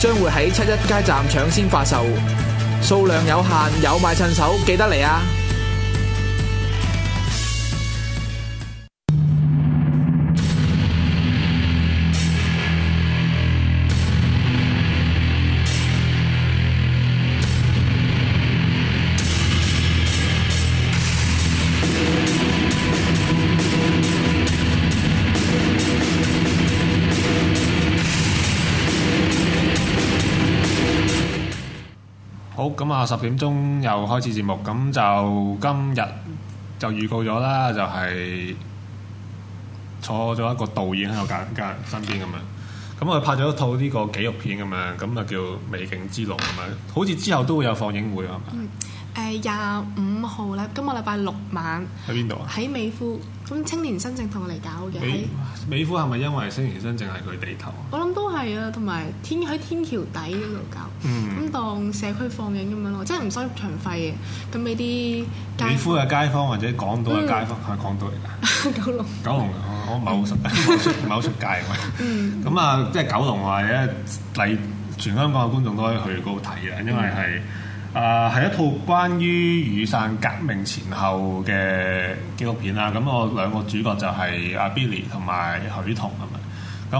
將會喺七一街站搶先發售，數量有限，有買趁手，記得嚟啊！咁啊，十點鐘又開始節目，咁就今日就預告咗啦，就係坐咗一個導演喺度隔隔身邊咁樣，咁佢拍咗一套呢個紀錄片咁樣，咁啊叫《美景之路》啊樣，好似之後都會有放映會啊，誒廿五號咧，今個禮拜六晚喺邊度啊？喺美孚，咁青年新政同我哋搞嘅。美孚係咪因為青年新政係佢地頭啊？我諗都。係啊，同埋天喺天橋底嗰度搞，咁、嗯、當社區放映咁樣咯，即係唔收入場費嘅。咁啲街，廣嘅街坊或者港島嘅街坊，係港島嚟嘅。九龍，九龍，我唔係好熟，唔係好熟，出街咁啊，即係九龍話咧，嚟全香港嘅觀眾都可以去嗰度睇嘅，因為係啊係一套關於雨傘革命前後嘅紀錄片啊。咁我兩個主角就係阿 Billy 同埋許彤咁啊。係咪？咁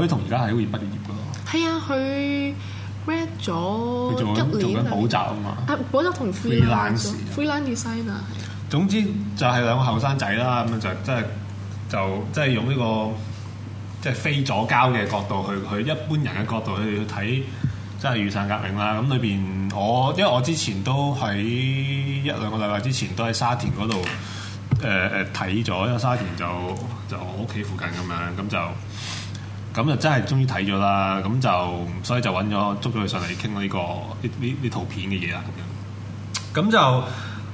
許同而家係好易畢業噶咯，係啊，佢 read 咗一年，做緊補習啊嘛，啊補習同菲蘭士，蘭尼塞娜，總之就係兩個後生仔啦，咁樣、嗯、就真係就真係、就是、用呢、這個即係、就是、非左膠嘅角度去去一般人嘅角度去去睇，即係雨傘革命啦。咁裏邊我因為我之前都喺一兩個禮拜之前都喺沙田嗰度。誒誒睇咗，因為、呃、沙田就就我屋企附近咁樣，咁就咁就真係終於睇咗啦。咁就所以就揾咗捉咗佢上嚟傾呢個呢呢呢圖片嘅嘢啦。咁就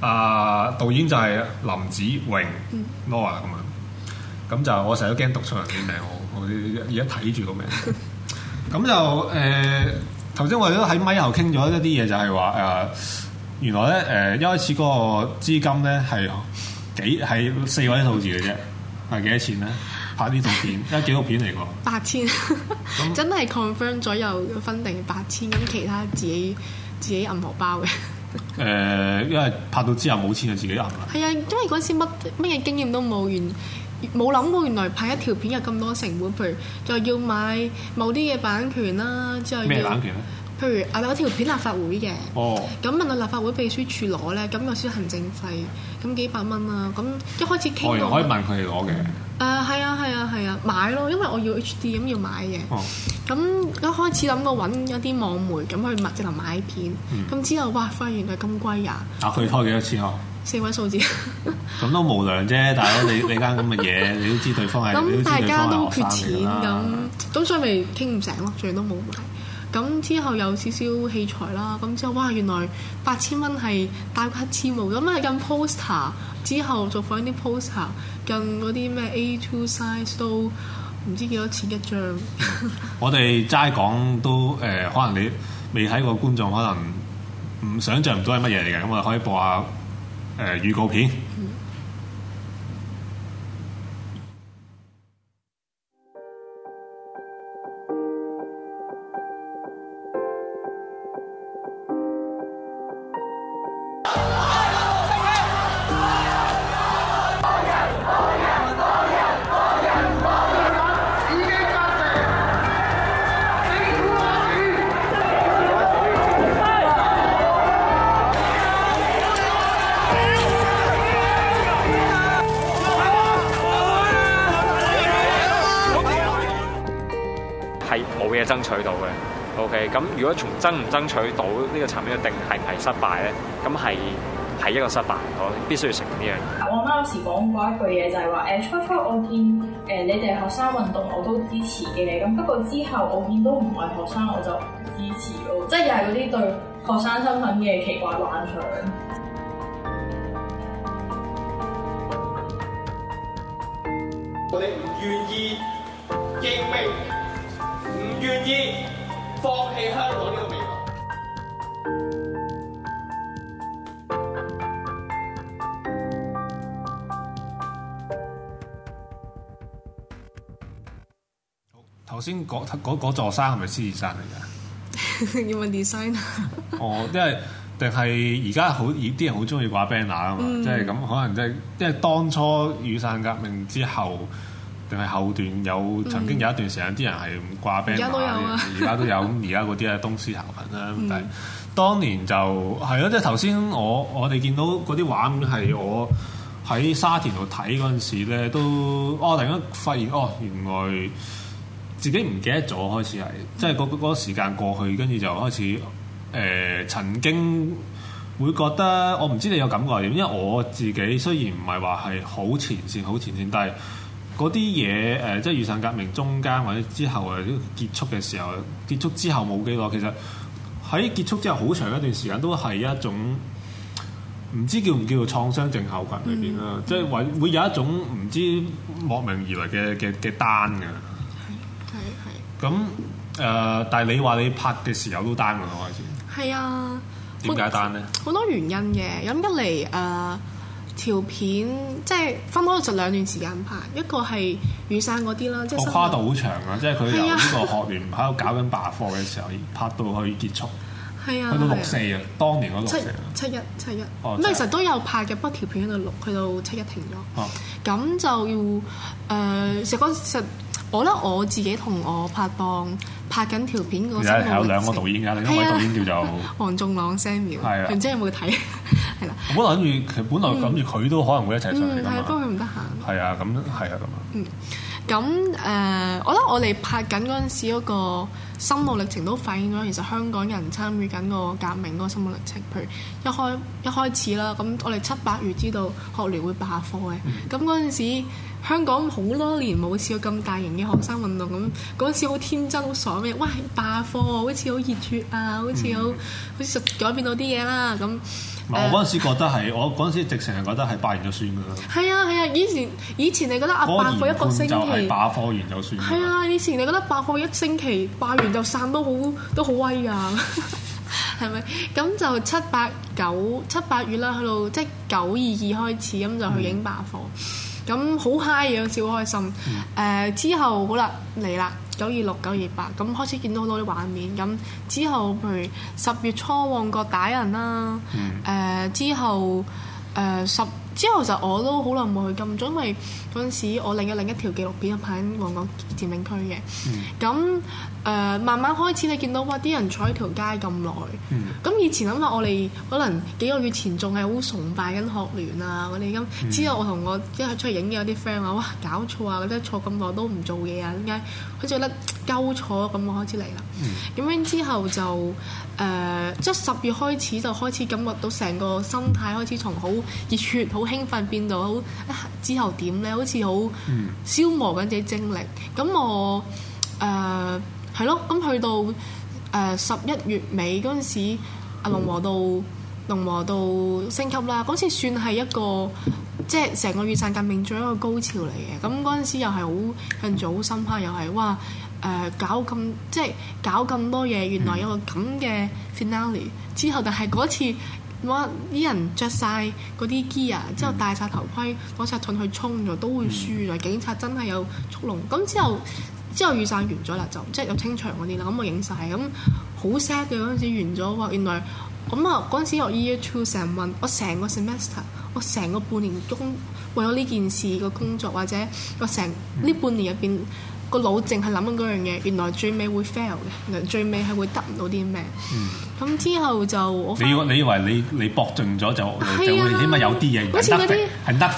啊、呃，導演就係林子穎，嗯，Nora 咁樣。咁就我成日都驚讀錯人啲名，我名我而家睇住個名。咁 就誒，頭、呃、先我哋都喺咪頭傾咗一啲嘢，就係話誒，原來咧誒、呃，一開始嗰個資金咧係。幾係四位數字嘅啫，係幾多錢咧？拍呢套片，一幾多片嚟嘅？八千，那真係 confirm 咗右嘅 funding 八千，咁其他自己自己揼荷包嘅。誒、呃，因為拍到之後冇錢就自己揼啦。係啊，因為嗰時乜乜嘢經驗都冇，原冇諗過原來拍一條片有咁多成本，譬如就要買某啲嘅版權啦，之後咩版權咧？譬如啊，有條片立法會嘅，哦，咁問到立法會秘書處攞咧，咁又需行政費。咁幾百蚊啊！咁一開始傾都、oh, 可以問佢哋攞嘅。誒係啊係啊係啊,啊,啊，買咯！因為我要 HD 咁要買嘅。咁、oh. 一開始諗過揾一啲網媒咁去麥積林買片，咁、oh. 之後哇發現原來咁貴呀！啊，佢開幾多錢啊？次啊四位數字、啊。咁 都無良啫，大佬你你間咁嘅嘢，你都知對方係咁 大家都缺錢咁，咁所以咪傾唔成咯，最後都冇買。咁之後有少少器材啦，咁之後哇原來八千蚊係大個黑字毛咁啊，印 poster，之後仲放啲 poster，印嗰啲咩 A2 size 都唔知幾多錢一張。 我哋齋講都誒、呃，可能你未睇過觀眾可能唔想像唔到係乜嘢嚟嘅，咁我哋可以播下誒、呃、預告片。嗯如果從爭唔爭取到呢個層面定係唔係失敗咧？咁係係一個失敗，我必須要承認呢樣。我啱啱有時講過一句嘢就係話，誒、就是、初初我見誒、呃、你哋學生運動我都支持嘅，咁不過之後我見都唔係學生，我就唔支持咯。即係又係嗰啲對學生身份嘅奇怪幻想。 我哋唔願意認命，唔願意。放棄香港呢個未來。好，頭先嗰座山係咪獅子山嚟㗎？ 要問 design 啊？ 哦，因為定係而家好，啲人好中意掛 banner 啊嘛，即係咁可能即係，因為當初雨傘革命之後。定係後段有曾經有一段時間啲、嗯、人係掛兵，而、啊、家都有而家都有咁，而家嗰啲咧東施效顰啦。但係、嗯、當年就係咯，即係頭先我我哋見到嗰啲畫面，係我喺沙田度睇嗰陣時咧，都哦突然間發現哦，原來自己唔記得咗開始係即係嗰嗰個時間過去，跟住就開始誒、呃、曾經會覺得我唔知你有感覺點，因為我自己雖然唔係話係好前線、好前線，但係。嗰啲嘢誒，即係雨傘革命中間或者之後誒結束嘅時候，結束之後冇幾耐，其實喺結束之後好長一段時間都係一種唔知叫唔叫做創傷症候群裏邊啦，嗯、即係會會有一種唔、嗯、知莫名而來嘅嘅嘅 down 㗎。咁誒、呃，但係你話你拍嘅時候都 down 㗎，開始。係啊。點解 down 咧？好多原因嘅，咁一嚟誒。呃條片即係分開就兩段時間拍，一個係雨傘嗰啲啦，即係跨度好長啊！即係佢由呢個學員喺度搞緊罷課嘅時候， 拍到可以結束，係啊，去到六四啊，當年嗰六四七,七一七一咁，其、哦嗯、實都有拍嘅，不過、嗯、條片喺度錄，去到七一停咗，咁、啊、就要誒，成、呃、個實。我覺得我自己同我拍檔拍緊條片嗰時，因為係有兩個導演㗎，另一個導演叫做黃仲朗 Samuel，唔了知有冇睇？係啦了。 了本來諗住，其實本來諗住佢都可能會一齊上嚟㗎嘛。嗯，佢唔得閒。係啊，咁係啊，咁啊。咁誒、嗯呃，我覺得我哋拍緊嗰陣時嗰個心路歷程都反映咗，其實香港人參與緊個革命嗰個心路歷程，譬如一開一開始啦，咁我哋七八月知道學聯會罷課嘅，咁嗰陣時。香港好多年冇試過咁大型嘅學生運動，咁嗰陣時好天真，好爽咩？喂，罷課喎，好似好熱血啊，好似有、嗯、好似改變到啲嘢啦咁。我嗰陣時覺得係、啊，我嗰陣時直情係覺得係罷完就算噶啦。係啊係啊，以前以前你覺得阿罷課一個星期，就係罷課完就算。係啊，以前你覺得罷課一星期罷完就散都好都好威㗎，係 咪？咁就七八九七八月啦，去到，即九二二開始咁就去影罷課。嗯咁好 high 嘅，超開心。誒、嗯、之後好啦，嚟啦，九二六、九二八，咁開始見到好多啲畫面。咁之後譬如十月初旺角打人啦，誒、嗯、之後誒十、呃、之後我就我都好耐冇去金鐘，因為嗰陣時我另有另一條紀錄片拍緊旺角佔領區嘅。咁、嗯誒、uh, 慢慢開始，你見到哇啲人坐喺條街咁耐。咁、mm. 以前諗下我哋可能幾個月前仲係好崇拜緊學聯啊，我哋咁。Mm. 之後我同我一係出去影嘅有啲 friend 話：哇搞錯啊！覺得坐咁耐都唔做嘢啊，點解？好似覺得搞錯咁開始嚟啦。咁、mm. 樣之後就誒，即係十月開始就開始感覺到成個心態開始從好熱血、好興奮變到好之後點咧？好似好消磨緊自己精力。咁、mm. 我誒。呃係咯，咁去到誒十一月尾嗰陣時，啊、嗯、龍和道龍和道升級啦，嗰次算係一個即係成個雨傘革命最後一個高潮嚟嘅。咁嗰陣時又係好向左心怕，又係哇誒、呃、搞咁即係搞咁多嘢，嗯、原來有咁嘅 finale。之後但係嗰次哇啲人着晒嗰啲 gear，之後戴晒頭盔，攞曬盾去衝咗，都會輸㗎。嗯、警察真係有速龍，咁之後。之後雨傘完咗啦，就即係入清場嗰啲啦，咁我影晒，咁好 sad 嘅嗰陣時完咗喎，原來咁啊嗰陣時我 year two s e 我成個 semester，我成個半年工，為咗呢件事個工作或者我成呢、嗯、半年入邊、嗰個腦淨係諗緊嗰樣嘢，原來最尾會 fail 嘅，原來最尾係會得唔到啲咩，咁、嗯、之後就你以為你你搏盡咗就，起碼、啊、有啲嘢，好似嗰啲係得 o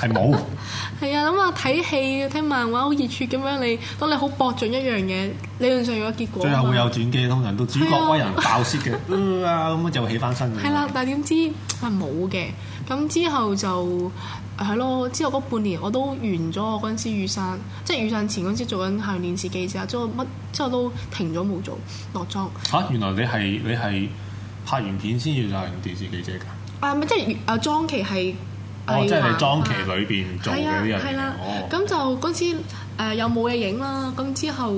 係冇。 係啊，諗下睇戲、睇漫畫，好熱血咁樣。你當你好搏盡一樣嘢，理論上有個結果。最後會有轉機，通常都主角為人搞閃嘅，啊是的，咁啊、 呃、就起翻身。係啦，但係點知係冇嘅。咁之後就係咯，之後嗰半年我都完咗我嗰陣時雨傘，即係雨傘前嗰陣時做緊校園電視記者，之後乜之後都停咗冇做落莊。嚇、啊！原來你係你係拍完片先要做校園電視記者㗎？啊咪即係啊，莊期係。哦，啊、即係莊期裏邊做嘅啲人，咁、啊哦啊、就嗰次誒又冇嘢影啦。咁、呃、之後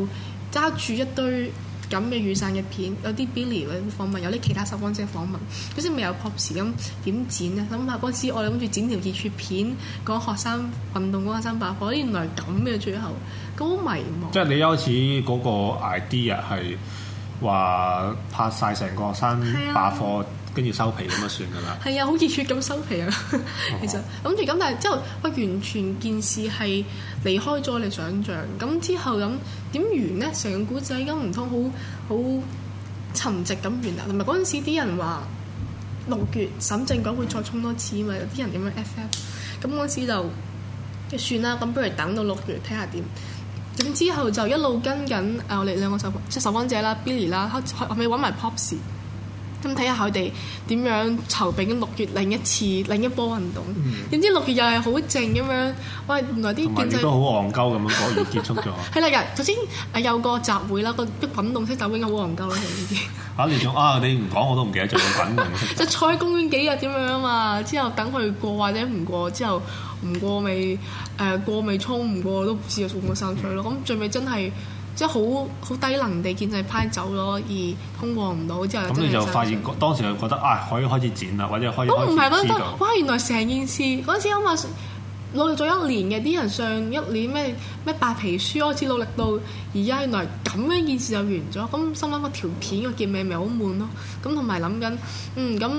揸住一堆咁嘅雨傘嘅片，有啲 Billy 嘅訪問，有啲其他受訪者訪問。好似未有 Pops 咁點剪咧？諗下嗰次我哋諗住剪條熱血片，講、那個、學生運動，講學生罷課，原來咁嘅最後咁好迷茫。即係你開始嗰個 idea 係話拍晒成個學生罷課。跟住收皮咁就算噶啦，係啊， 好熱血咁收皮啊。其實諗住咁，但係之後我完全件事係離開咗你想象咁。之後咁點完呢？成個古仔咁唔通好好沉寂咁完啊？同埋嗰陣時啲人話六月審政講會再衝多次啊嘛。有啲人咁樣 F F 咁嗰陣時就算啦。咁不如等到六月睇下點。咁之後就一路跟緊我哋兩個受即係受訪者啦、Billy 啦，後尾揾埋 Pop 咁睇下佢哋點樣籌備咁六月另一次另一波運動，點、嗯、知六月又係好靜咁樣，喂，原來啲經濟都好戇鳩咁樣，果然結束咗。係啦， 日頭先誒有個集會啦，個啲滾動式應該好戇鳩咯，呢啲嚇你啊？你唔講、 啊、我都唔記得做過滾動式。 就坐喺公園幾日咁樣嘛，之後等佢過或者唔過，之後唔過未，誒過未衝，唔、呃、過都唔知啊，送乜生吹咯？咁、嗯、最尾真係。即係好好低能地建制派走咗，而通過唔到之後，咁你就發現當時就覺得啊、哎，可以開始剪啦，或者可以開始都唔係覺得，哇！原來成件事嗰陣時，因為。努力咗一年嘅啲人，上一年咩咩白皮書開始努力到而家，原來咁樣件事就完咗，咁心諗個條片個結尾咪好悶咯，咁同埋諗緊，嗯咁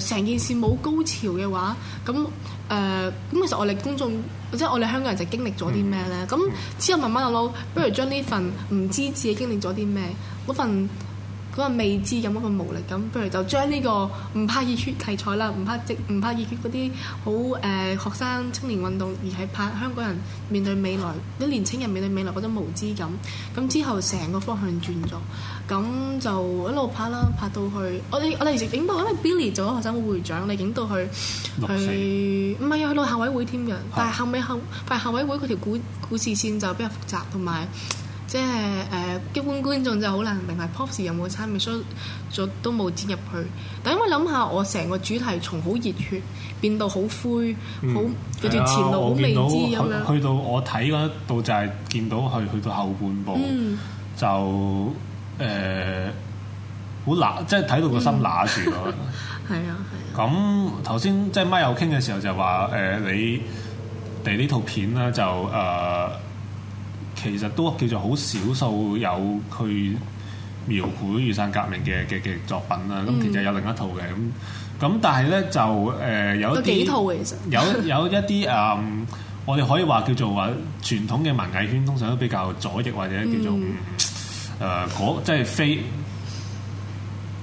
誒成件事冇高潮嘅話，咁誒咁其實我哋公眾即係我哋香港人就經歷咗啲咩咧？咁、嗯、之後慢慢就諗，不如將呢份唔知自己經歷咗啲咩嗰份。嗰個未知感，一個無力感，不如就將呢個唔拍熱血題材啦，唔拍即唔拍熱血嗰啲好誒學生青年運動，而係拍香港人面對未來啲 年青人面對未來嗰種無知感。咁之後成個方向轉咗，咁就一路拍啦，拍到去我哋我哋直影到，因為 Billy 做咗學生會長，你影到去去唔係啊， 去到校委會添嘅。 但係後尾後拍校委會嗰條故故事線就比較複雜，同埋。即係誒，基本觀眾就好難明係 Pop 是有冇參與，所以就都冇接入去。但因為諗下我成個主題從好熱血變到好灰，好佢條前路好未知咁樣。去到我睇嗰度就係、是、見到佢去到後半部，嗯、就誒好攔，即係睇到個心乸住咗。係啊係啊。咁頭先即係咪 i c 傾嘅時候就話誒、呃，你哋呢套片咧就誒。呃其實都叫做好少數有佢描繪雨傘革命嘅嘅嘅作品啦，咁、嗯、其實有另一套嘅咁，咁但係咧就誒有幾套其實有有一啲誒、 嗯，我哋可以話叫做話傳統嘅文藝圈通常都比較左翼或者叫做誒、呃、即係非，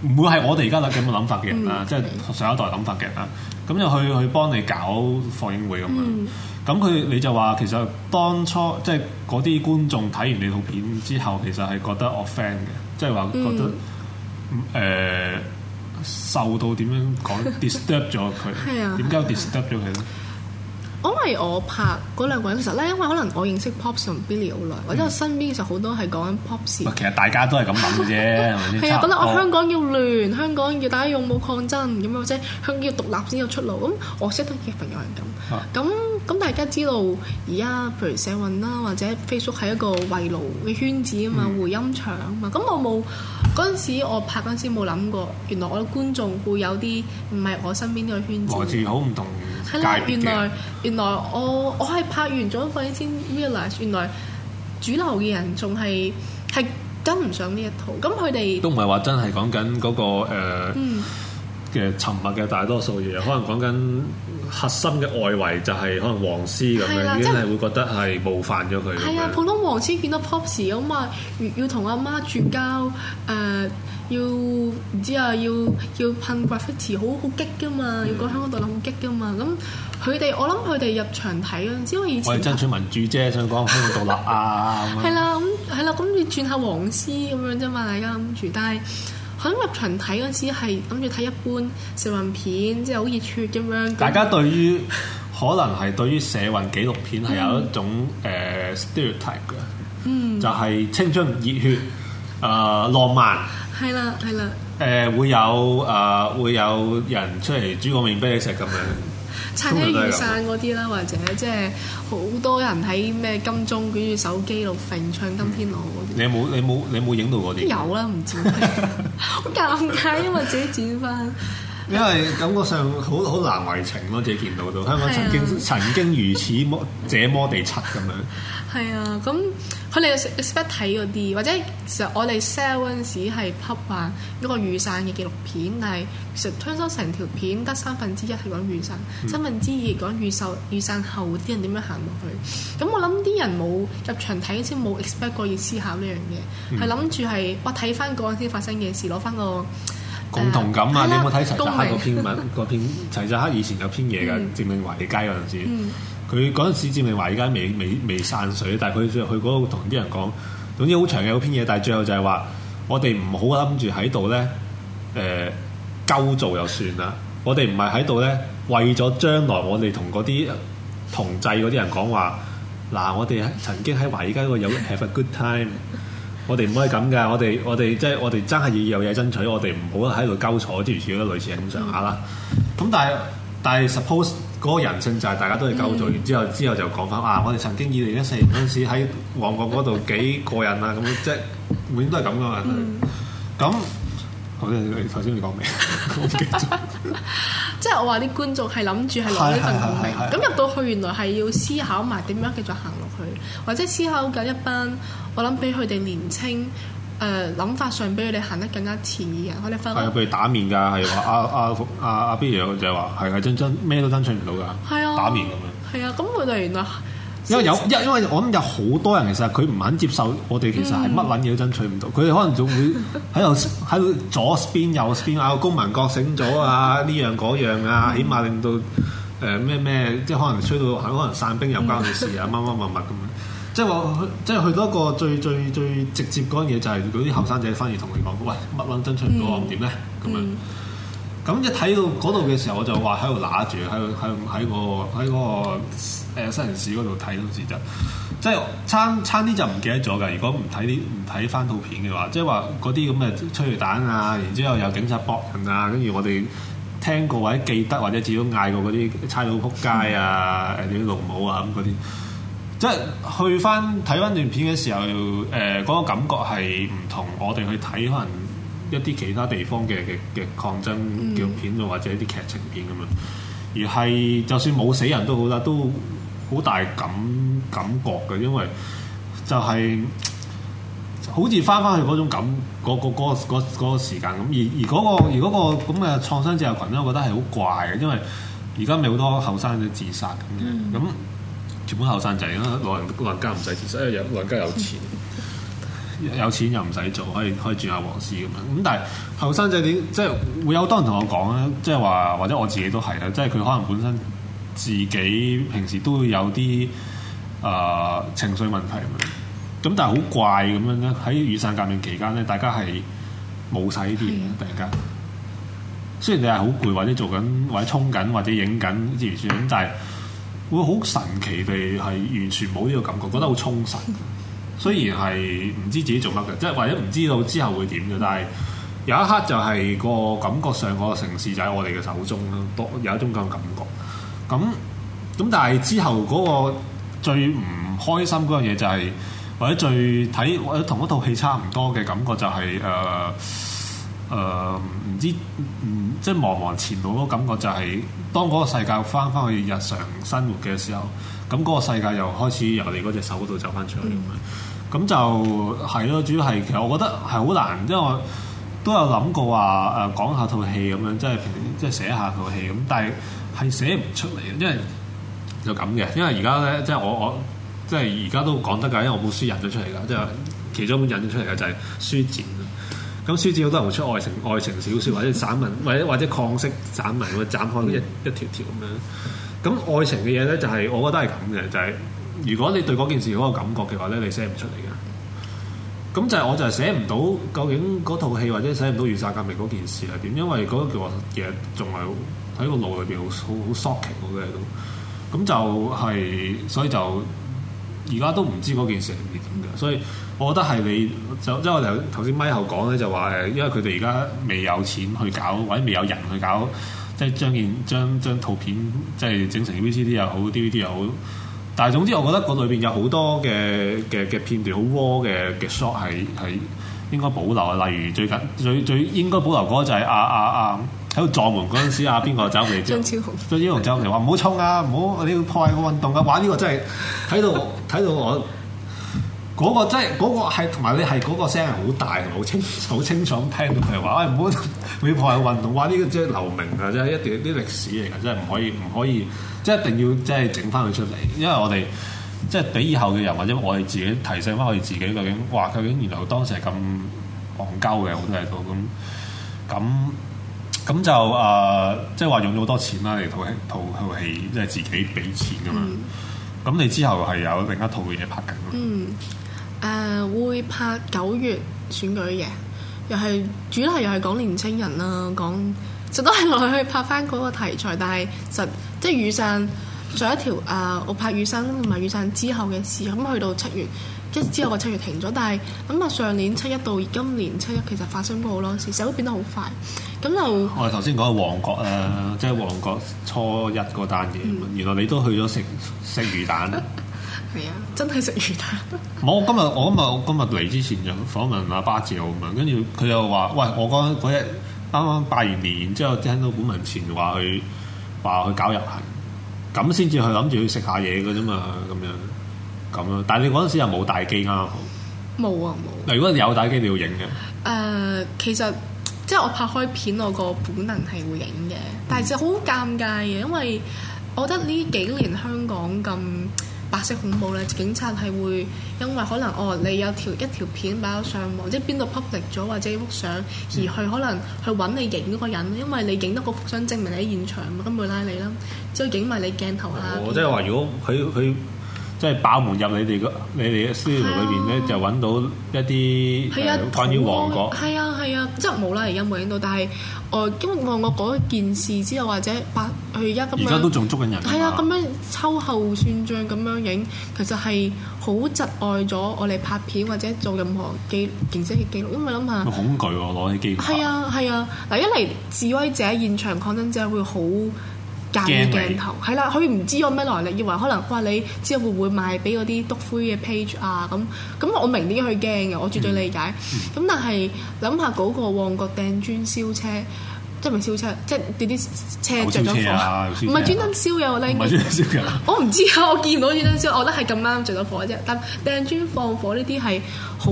唔會係我哋而家諗咁嘅諗法嘅人啦，即係、嗯、上一代諗法嘅人啦，咁就去去幫你搞放映會咁樣。嗯嗯咁佢你就話其實當初即係嗰啲觀眾睇完你套片之後，其實係覺得 offend 嘅，即係話覺得嗯、呃、受到點樣講 disturb 咗佢？係 啊，點解要 disturb 咗佢咧？我因為我拍嗰兩個人其實咧，因為可能我認識 Pops 同 Billy 好耐，嗯、或者我身邊其實好多係講緊 Pops。其實大家都係咁諗嘅啫，係 啊，先？覺得我香港要亂，香港要打勇武，武抗爭咁樣啫，香港要獨立先有出路。咁我識得嘅朋友係咁，咁。咁大家知道而家，譬如社運啦，或者 Facebook 係一個圍爐嘅圈子啊嘛，嗯、回音牆啊嘛。咁我冇嗰陣時，我拍嗰陣時冇諗過，原來我嘅觀眾會有啲唔係我身邊呢個圈子，來自好唔同嘅界別嘅。係啦，原來原來我我係拍完咗一份先，realize，原來主流嘅人仲係係跟唔上呢一套。咁佢哋都唔係話真係講緊嗰個誒嘅、呃嗯、沉默嘅大多數嘢，可能講緊。核心嘅外圍就係可能黃絲咁樣，真係會覺得係冒犯咗佢。係啊，普通黃絲見到 Pop 士咁啊，要同阿媽絕交，誒、呃，要唔知啊，要要，要噴 graffiti 好好激噶嘛，要講香港獨立好激噶嘛。咁佢哋，我諗佢哋入場睇，唔知我以前為爭取民主啫， 想講香港獨立啊。係啦、 啊，咁係啦，咁你轉下黃絲咁樣啫嘛，大家諗住，但係。響入場睇嗰陣時，係諗住睇一般社運片，即係好熱血咁樣。大家對於 可能係對於社運紀錄片係有一種誒 stereotype 嘅，嗯、呃，嗯就係青春熱血、誒、呃、浪漫，係啦係啦，誒、呃、會有誒、呃、會有人出嚟煮個麵俾你食咁樣。 撐起雨傘嗰啲啦，或者即係好多人喺咩金鐘舉住手機度揈唱《金天鵝》啲。你冇你冇你冇影到嗰啲？有啦，唔知。好尷尬，因為自己剪翻。 因為感覺上好好難為情咯，自己見到到香港曾經、啊、曾經如此麼這麼地七咁樣。係啊，咁。佢哋 expect 睇嗰啲，或者其實我哋 sell 嗰陣時係拍慣一個雨傘嘅紀錄片，但係其實推出成條片得三分之一係講雨傘，三分之二講雨傘雨傘後啲人點樣行落去。咁、嗯、我諗啲人冇入場睇先冇 expect 過要思考呢樣嘢，係諗住係我睇翻嗰陣先發生嘅事，攞翻個、uh, 共同感啊！哎、呀你有冇睇齊澤克嗰篇文？嗰篇齊澤克以前有篇嘢嘅，證明華爾街嗰陣時。嗯嗯。佢嗰陣時至明華爾街未未未散水，但係佢就去嗰度同啲人講，總之好長嘅嗰篇嘢。但係最後就係話，我哋唔好諗住喺度咧，誒鳩做就算啦。我哋唔係喺度咧，為咗將來我哋同嗰啲同濟嗰啲人講話，嗱我哋曾經喺華爾街嗰個有 have a good time， 我哋唔可以咁㗎。我哋我哋即係我哋真係要有嘢爭取，我哋唔好喺度鳩坐，即如此類似咁上下啦。咁、就是嗯、但係。但係 suppose 嗰個人性就係大家都係構造完之後，之後就講翻啊！我哋曾經二零一四年嗰陣時喺旺角嗰度幾過癮啊！咁即係永遠都係咁噶嘛。咁頭先你頭先你講咩？即係我話啲觀眾係諗住係攞一份工，咁入到去原來係要思考埋點樣繼續行落去，或者思考緊一班我諗俾佢哋年青。誒諗法上，比佢哋行得更加前啲啊，我哋分係啊，譬如打面㗎，係話阿阿阿阿 Billy 就話係啊，爭爭咩都爭取唔到㗎，啊、打面咁樣。係啊，咁佢哋原來因為有因因為我諗有好多人其實佢唔肯接受我哋其實係乜撚嘢都爭取唔到，佢哋、嗯、可能仲會喺度喺度左 spin 右 spin 啊，公民覺醒咗啊，呢 樣嗰樣啊，起碼令到誒咩咩，即係可能吹到可能散兵又關我事啊，乜乜乜物咁。即係話，即係、就是、去到一個最最最直接嗰樣嘢，就係嗰啲後生仔反而同佢講：喂，乜撚爭取唔到，我唔點咧咁啊！咁一睇到嗰度嘅時候，我就話喺度揦住，喺喺喺個喺個誒新聞室嗰度睇到時就，即係差差啲就唔記得咗㗎。如果唔睇啲唔睇翻套片嘅話，即係話嗰啲咁嘅催淚彈啊，然之後有警察搏人啊，跟住我哋聽過或者記得或者至少嗌過嗰啲差佬撲街啊，誒啲、嗯啊、龍武啊咁嗰啲。那那即係去翻睇翻段片嘅時候，誒、呃、嗰、那個感覺係唔同。我哋去睇可能一啲其他地方嘅嘅嘅抗爭片啊，或者一啲劇情片咁樣，而係就算冇死人都好啦，都好大感感覺嘅。因為就係、是、好似翻返去嗰種感，嗰嗰嗰個嗰、那個那個那個、時間咁。而而嗰、那個而嗰咁嘅創傷者羣咧，我覺得係好怪嘅，因為而家咪好多後生仔自殺咁樣咁。嗯全部後生仔啊！老人家唔使做，其實老人家有錢， 有錢又唔使做，可以可以轉下王師咁樣。咁但係後生仔點，即係會有好多人同我講咧，即係話或者我自己都係啦，即係佢可能本身自己平時都會有啲啊、呃、情緒問題咁，但係好怪咁樣咧。喺雨傘革命期間咧，大家係冇晒呢啲嘅，突然間。雖然你係好攰，或者做緊或者衝緊或者影緊，至於算，咁，但係。會好神奇地係完全冇呢個感覺，覺得好充實。雖然係唔知自己做乜嘅，即係或者唔知道之後會點嘅，但係有一刻就係個感覺上嗰個城市就喺我哋嘅手中咯，多有一種咁嘅感覺。咁咁，但係之後嗰個最唔開心嗰樣嘢就係或者最睇或者同一套戲差唔多嘅感覺就係誒。呃誒唔、呃、知唔、嗯、即係茫茫前路嗰感覺就係當嗰個世界翻返去日常生活嘅時候，咁嗰個世界又開始由你嗰隻手度走翻出去。咁樣、嗯，咁就係咯。主要係其實我覺得係好難，因為我都有諗過話誒、呃、講下套戲咁樣，即係即係寫下套戲咁，但係係寫唔出嚟因為就咁嘅。因為而家咧，即係我我即係而家都講得㗎，因為我本書印咗出嚟㗎，即係其中一本印咗出嚟嘅就係書展。咁書展好多人會出愛情愛情小説或者散文或者或者擴式散文斬開一一條條咁樣，咁愛情嘅嘢咧就係、是、我覺得係咁嘅，就係、是、如果你對嗰件事嗰個感覺嘅話咧，你寫唔出嚟嘅。咁就係我就係寫唔到究竟嗰套戲或者寫唔到《雨傘革命》嗰件事係點，因為嗰個嘢仲係喺個腦裏邊好好 shocking 嗰個，咁就係、是、所以就。而家都唔知嗰件事係點嘅，所以我覺得係你就即係我哋頭先咪後講咧，就話誒，因為佢哋而家未有錢去搞，或者未有人去搞，即係將件將將圖片即係整成 VCD 又好 DVD 又好。但係總之，我覺得嗰裏邊有好多嘅嘅嘅片段好窩嘅嘅 shot 係係應該保留啊。例如最近最最應該保留嗰個就係啊啊啊！啊啊喺度撞門嗰陣時啊，邊個走嚟？張超張超雄走嚟話：唔好衝啊，唔好你要破壞個運動啊！玩呢個真係睇到睇到我嗰、嗰個真係嗰個係同埋你係嗰、嗰個聲好大好清好清楚咁聽到佢話：喂，唔、哎、好 你破壞運動，玩呢、嗰個真係留名啊！真係一定啲歷史嚟㗎，真係唔可以唔可以即係一定要即係整翻佢出嚟，因為我哋即係俾以後嘅人或者我哋自己提醒翻我哋自己究竟嘩究竟原來當時係咁戇鳩嘅，我都係度咁咁。咁就誒、呃就是，即係話用咗好多錢啦，嚟套套套戲，即係自己俾錢㗎嘛。咁、嗯、你之後係有另一套嘢拍緊？嗯，誒、呃、會拍九月選舉嘅，又係主題又係講年青人啦、啊，講實都係落去拍返嗰個題材，但係實即係、就是、雨傘在一條誒、呃，我拍雨傘同埋雨傘之後嘅事咁，去到七月。即之後個七月停咗，但係咁啊，上年七一到今年七一其實發生過好多嘢，時勢都變得好快，咁就我哋頭先講旺角啊、 呃，即係旺角初一嗰單嘢，嗯、原來你都去咗食食魚蛋，係 啊，真係食魚蛋。冇 今日，我今日我今日嚟之前就訪問阿八字咁樣，跟住佢又話：喂，我嗰日啱啱拜完年，之後聽到古文前話佢話佢搞遊行，咁先至去諗住去食下嘢嘅啫嘛，咁樣。咁咯，但係你嗰陣時又冇大機啊？冇啊，冇、啊。嗱，如果你有大機，你要影嘅？誒、呃，其實即係我拍開片，我個本能係會影嘅，嗯、但係就好尷尬嘅，因為我覺得呢幾年香港咁白色恐怖咧，警察係會因為可能哦，你有條一條片擺咗上網，即係邊度 public 咗，或者幅相，嗯、而去可能去揾你影嗰個人，因為你影得個幅相證明你喺現場，咁會拉你啦。再影埋你鏡頭下。即係話，如果佢佢。即係爆門入你哋個，你哋嘅書庫裏邊，咧，就揾到一啲啊，關於旺角。係啊係啊，即係冇啦，而家冇影到。但係我因為旺角一件事之後，或者八佢而家咁而家都仲捉緊人。係啊，咁樣秋後算賬咁樣影，其實係好窒礙咗我哋拍片或者做任何記形式嘅記錄。因為諗下，恐懼我攞啲記。係啊係啊，嗱一嚟示威者現場抗爭者會好。間接鏡頭係啦，佢唔理知有咩來歷，以為可能哇你之後會唔會賣俾嗰啲篤灰嘅 page 啊，咁，咁我明點去驚嘅？我絕對理解。咁、嗯嗯、但係諗下嗰個旺角掟磚燒車，即係咪燒車？即係啲啲車着咗火，唔係、啊啊、專登燒嘅咧。我唔知啊，我見唔到專登燒， 我覺得係咁啱着咗火啫。但掟磚放火呢啲係好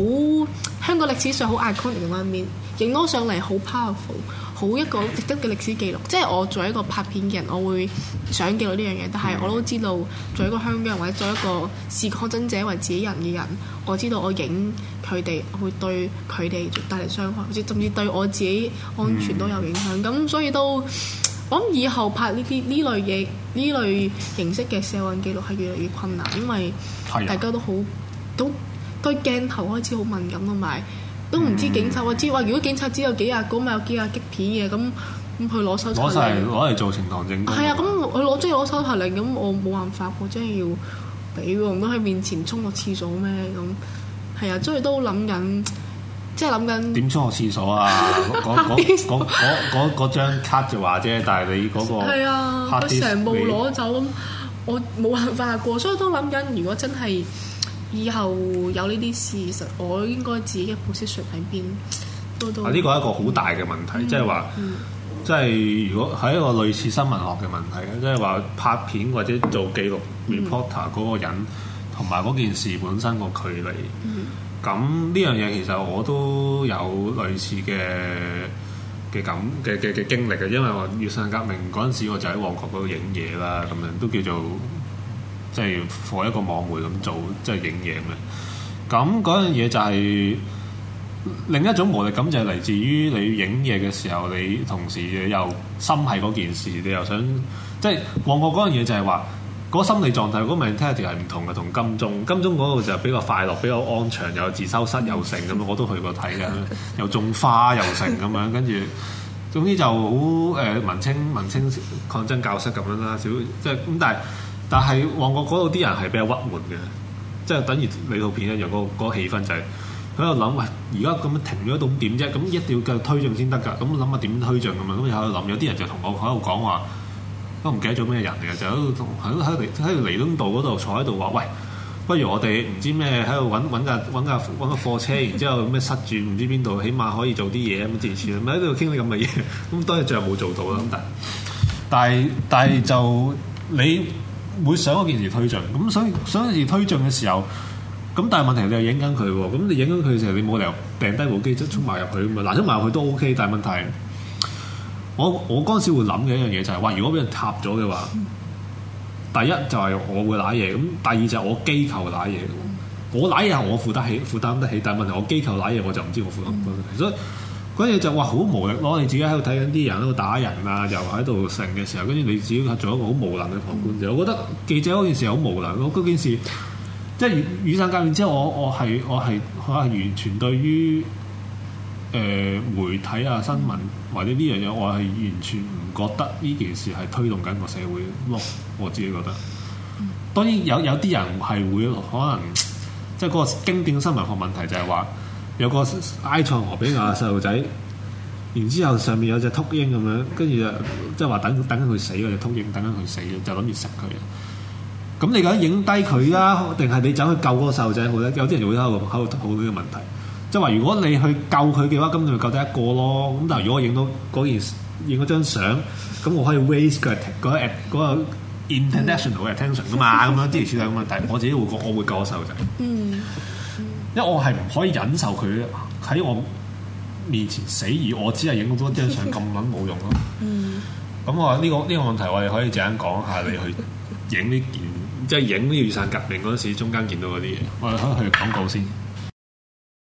香港歷史上好捱闌嘅一面。很影多上嚟好 powerful，好一個值得嘅歷史記錄。即係我作為一個拍片嘅人，我會想記錄呢樣嘢。但係我都知道，作為一個香港人或者作為一個視抗爭者為自己人嘅人，我知道我影佢哋會對佢哋帶嚟傷害，甚至對我自己安全都有影響。咁、嗯、所以都，我諗以後拍呢啲呢類嘢呢類形式嘅社運記錄係越嚟越困難，因為大家都好的都對鏡頭開始好敏感同埋。都唔知警察，嗯、我知哇！如果警察只有幾廿個，咪有幾廿激片嘅，咁咁去攞手。攞曬，攞嚟做呈堂證據。係啊，咁佢攞即係攞手提靈，咁我冇辦法喎，我真係要俾喎。唔通喺面前沖個廁所咩？咁係啊，所以都諗緊，即係諗緊。點沖廁所啊？嗰 張卡就話啫，但係你嗰個係啊，佢成部攞走，沒我冇辦法過，所以都諗緊，如果真係。以後有呢啲事，其實，我應該自己嘅 position 喺邊都都。啊，呢個係一個好大嘅問題，嗯、即係話，嗯、即係如果喺一個類似新聞學嘅問題，嗯、即係話拍片或者做紀錄 reporter 嗰個人同埋嗰件事本身距離、嗯這個距離。咁呢樣嘢其實我都有類似嘅嘅感嘅嘅嘅經歷嘅，因為我雨傘革命嗰陣時我就喺旺角嗰度影嘢啦，咁樣都叫做。即係放一個網媒咁做，即係影嘢咁樣。咁嗰樣嘢就係、是、另一種無力感，就係嚟自於你影嘢嘅時候，你同時又心係嗰件事，你又想即係旺角嗰樣嘢就係話，嗰、那個、心理狀態嗰、那個 mental 係唔同嘅，同金鐘金鐘嗰度就比較快樂、比較安詳，又有自修室又成咁，我都去過睇嘅， 又種花又成咁樣，跟住總之就好誒、呃、文青文青抗爭教室咁樣啦，小即係咁，但係。但係旺角嗰度啲人係比較鬱悶嘅，即係等於你套片一樣嗰嗰、那個那個、氣氛就係喺度諗啊！而家咁樣停咗到點啫？咁一定要繼續推進先得㗎，咁諗下點推進咁啊？咁又喺度諗，有啲人就同我喺度講話，我唔記得咗咩人嚟嘅，就喺度喺度喺度嚟喺度嚟到彌敦道嗰度坐喺度話：喂，不如我哋唔知咩喺度揾架揾架揾架貨車，然之後咩塞住唔知邊度，起碼可以做啲嘢咁，之前咪喺度傾啲咁嘅嘢，咁當日最後冇做到啦。咁但係，但係、嗯、但係就你。會想嗰件事推進，咁想想件事推進嘅時候，咁但係問題你又影緊佢喎，咁你影緊佢嘅時候你冇理由掟低部機質衝埋入去咁啊，嗱衝埋入去都 OK，但係問題，我我嗰陣時會諗嘅一樣嘢就係話，如果俾人塌咗嘅話，第一就係我會瀨嘢，咁第二就係我機構瀨嘢，嗯、我瀨嘢我負得起，負擔得起，但係問題我機構瀨嘢我就唔知我負擔唔負擔、嗯、所以。嗰嘢就話好無力咯，你自己喺度睇緊啲人喺度打人啊，又喺度成嘅時候，跟住你自己係做一個好無能嘅旁觀者，嗯、我覺得記者嗰件事好無能咯。嗰件事即係雨傘革命之後，我我係我係我係完全對於誒、呃、媒體啊新聞或者呢樣嘢，我係完全唔覺得呢件事係推動緊個社會咯。我自己覺得，當然有有啲人係會可能即係嗰個經典新聞學問題就係話。有個埃塞俄比亞細路仔，然之後上面有隻禿鷹咁樣，跟住就即係話等等緊佢死，嗰隻禿鷹等緊佢死，就諗住食佢。咁你覺得影低佢啦，定係你走去救嗰個細路仔好咧？有啲人會喺度喺度討論個問題，即係話如果你去救佢嘅話，咁你咪救得一個咯。咁但係如果我影到嗰件影咗張相，咁我可以 raise 嗰、嗰個，at，嗰個 international attention 噶嘛？咁樣之前處理咁樣，但我自己會講，我會救嗰個細路仔。嗯。因為我係唔可以忍受佢喺我面前死，而我只係影咁多張相咁撚冇用咯。咁我呢個呢、呢個問題我哋可以陣間講下你去影呢件，即係影啲雨傘革命嗰時中間見到嗰啲嘢。我哋響去廣告先。